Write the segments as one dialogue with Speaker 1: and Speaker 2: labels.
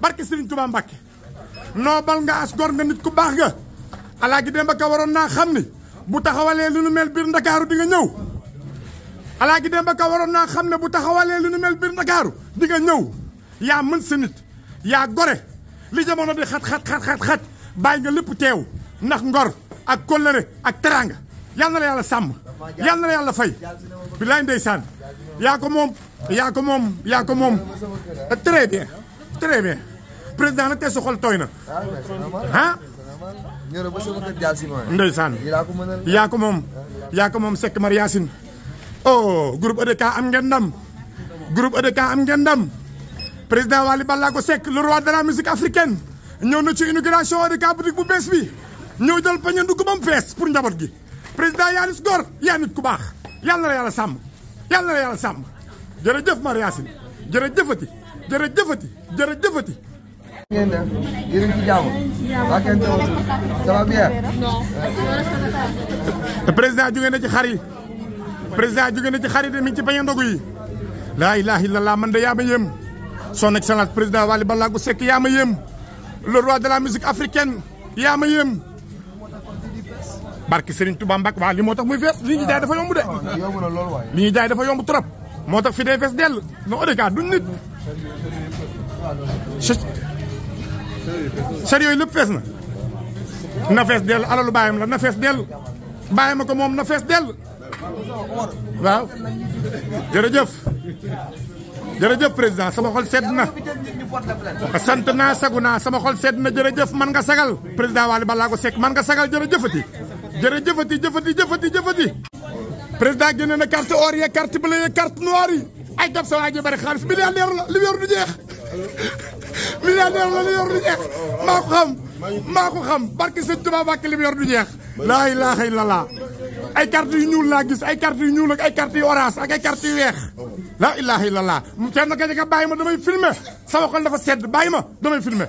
Speaker 1: barke serigne touba mbacke nobal nga as gor nga nit ku bax nga alaaji demba ka waron na xamni bu taxawale lu nu mel bir ndakaaru di nga ñew alaaji demba ka waroon naa xam ne bu taxawale lu nu mel bir di nga ñew ya man se nit ya gore li jamono di xat xat xat xat xat bay nga lepp tew ndax ngor ak kolere ak teranga yalla na la yàlla sàmm yal na la yàlla fay billahi ndeysaan ya ko mom ya ko mom ya ko mom très bien très bien président nag tey sa xol tooy na. ah. ñëw ba sama kër jaal si ma. yaa ko moom. yaa ko moom Seck Maria Yacine. oh groupe EDK am ngeen ndam. groupe EDK am ngeen ndam. président Waly Ballago Seck le roi de musique africaine. ñëw na ci inauguration EDK boutique bu bees bi. ñëw jël pañe ndugg ba mu fees pour njaboot gi. président yaa nis góor yaa nit ku baax. yàlla na la yàlla sàmm. yàlla na yàlla sàmm. jërëjëf Maria Yacine jërëjëfati. jërëjëfati jërëjëfati. ngeen def yéen ci te président jóge na ci xar yi président jóge ci xar yi de mi ci bañ a ndogu yi. laa ilaha illallah man de yaa ma yéem. son excellence président Wally Ballago Seck yaa ma yéem. loolu roi de la musique africaine yaa ma yéem. barke Serigne Touba Mbacke waaw li moo tax muy fees li ñuy jaay dafa yomb de. li ñuy jaay dafa yomb trop. moo tax fi day fees dell. non en duñ nit. sër yooyu lépp fees na na fees dell alalu baayam la na fees dell baayam ko moom na fees dell waaw jërëjëf jërëjëf président sama xol sedd na sant naa sagu naa sama xol sedd na jërëjëf man nga sagal président Wally Ballago Seck man nga sagal jërëjëfati jërëjëfati jëfati jëfati jëfati président génne na carte or ya carte bleue ya carte noire ay dab sa waa ji bari xaalis milliardaire la li du jeex milliardaire la li du jeex maa xam maa xam barke sëñ Tuubaa bàkk li du jeex laa ilaaha illallaah ay carte yu ñuul laa gis ay carte yu ñuul ak ay carte yu orange ak ay carte yu weex laa ilaaha illallaah kenn ka nga bàyyi ma damay filmer sama xol dafa sedd bàyyi ma damay filmer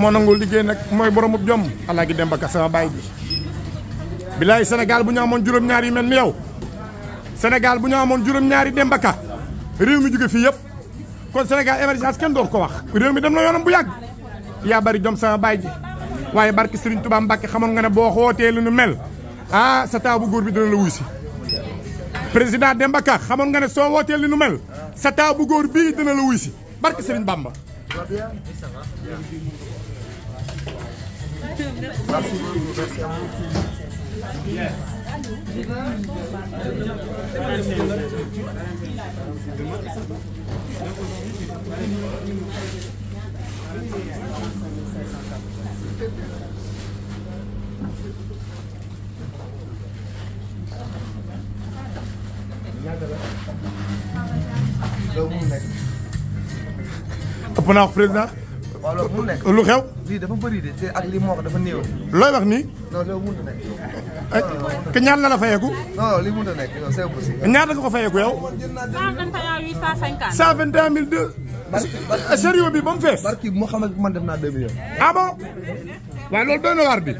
Speaker 1: mo nangul nak moy borom boromub jom gi dem Ka sama baay bi bilaay senegal bu ñu amoon juróom-ñaar yi melni yow senegal bu ñu amoon juróom-ñaari Demba Ka rew mi jugge fi yëpp kon senegal emergence ken do ko wax rew mi dem na yonam bu yag ya bari jom sama baay bi waye barki Serigne Touba Mbacke xamone nga ne bo xote lu mel ah sa bu goor bi dina la wuy president dem Demba Ka xamoon nga ne so wote lu mel sa bu goor bi dina la wuy barki Serigne Bamba Apa nak pergi waaw lu xew. lii dafa bëri de te ak lii moo ko dafa néew. looy wax nii. non loolu mun na nekk. ay la la fayeeku. non lii mun na c'est possible. ñaata nga ko fayeeku yow. 121 sérieux bi ba mu fees. barki Mouhamed man def naa 2 millions. ah bon na bi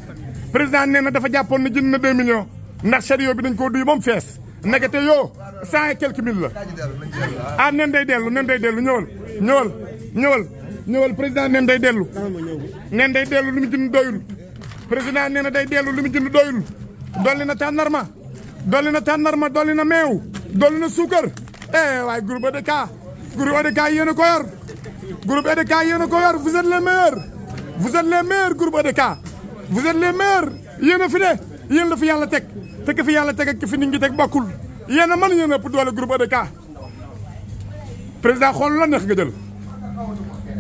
Speaker 1: président dafa 2 millions ndax sérieux bi dañ duy et quelques mille la. ah nen day nen day ñëwal président nen day dellu nen day dellu lu mu jënd doyul président nee na day dellu lu mu jënd doyul dolli na tànnarma dolli na tànnarma dolli na meew dolli na suukar eh waaye groupe a e groupe EDK yéen a ko yor groupe EDK yéen a ko yor vous êtes les meilleurs vous êtes le meilleurs groupe EDK vous êtes les meilleurs yéen a fi de yéen la fi yàlla teg te fi yàlla teg ak ki fi nit ñi teg bokkul yéen a mën yéen a ëpp doole groupe EDK président xool la neex nga jël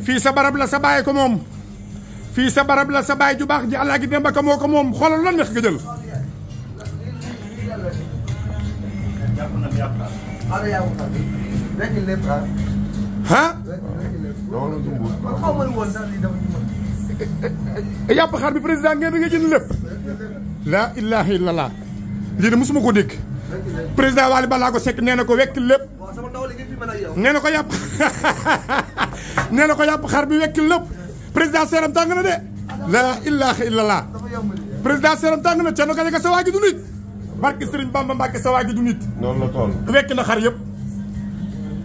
Speaker 1: Fi sa barab la sa baye ko mom fi sa barab la sa baye ju bax ji allah gi demba ka moo ko moom xoolal la neex nga jël ah yàpp xar bi president ngeen nga jël lepp la ilaha illallah li ne musuma ko dégg president wali balla ko sek neena ko wek lepp nee ko nee na ko yàpp xar bi wekk lépp président seeram tàng na de la ilaha illallah président seeram tàng na ca na ko nekk sa waa ji du nit barke Serigne Bamba Mbacke sa waa ji na xar yëpp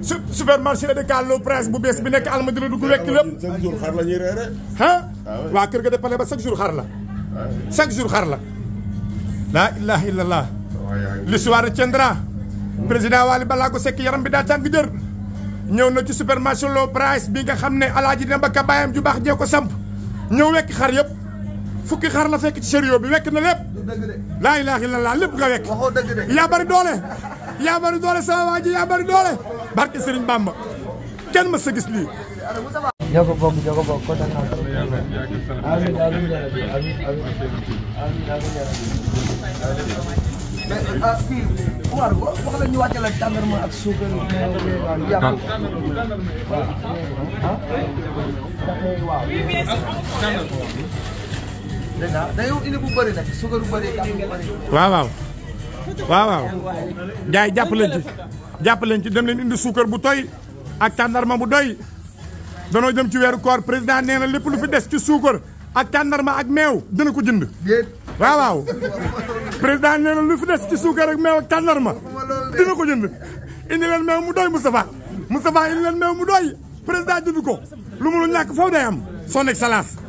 Speaker 1: su supermarché de Carlo Prince bu bees bi nekk Almadina dugg wekk lépp chaque jour xar la ñuy reere ah kër ga de pale ba chaque jour xar la ah chaque jour xar la la ilaha illallah l'histoire tiendra hmm. président Waly Balago Seck yaram bi daa tàng jër ñëw na ci supermarché low price bi nga xam ne alaaj dina bakka baayam ju baax jee ko samp ñëw wekk xar yëpp fukki xar la fekk ci sérieux bi wekk na lépp laa ilaaha illallaah lépp nga wekk yaa bari doole yaa bari doole sama waa yaa bari doole barke Sëriñ Bàmba kenn ma sa gis lii mais ah kii Omar wax bu bëri nag suukar ci jàpp leen indi suukar bu toy ak tàndarma bu doy danoo jëm ci weeru koor président nee lépp lu fi des ci suukar ak tàndarma ak meew dina ko jënd waaw président nee na lu fi des ci suukar ak meew ak tàndarma dina ko jënd indi leen meew mu doy Moustapha Moustapha indi leen meew mu doy président jënd ko lu mu lu ñàkk faw day am son excellence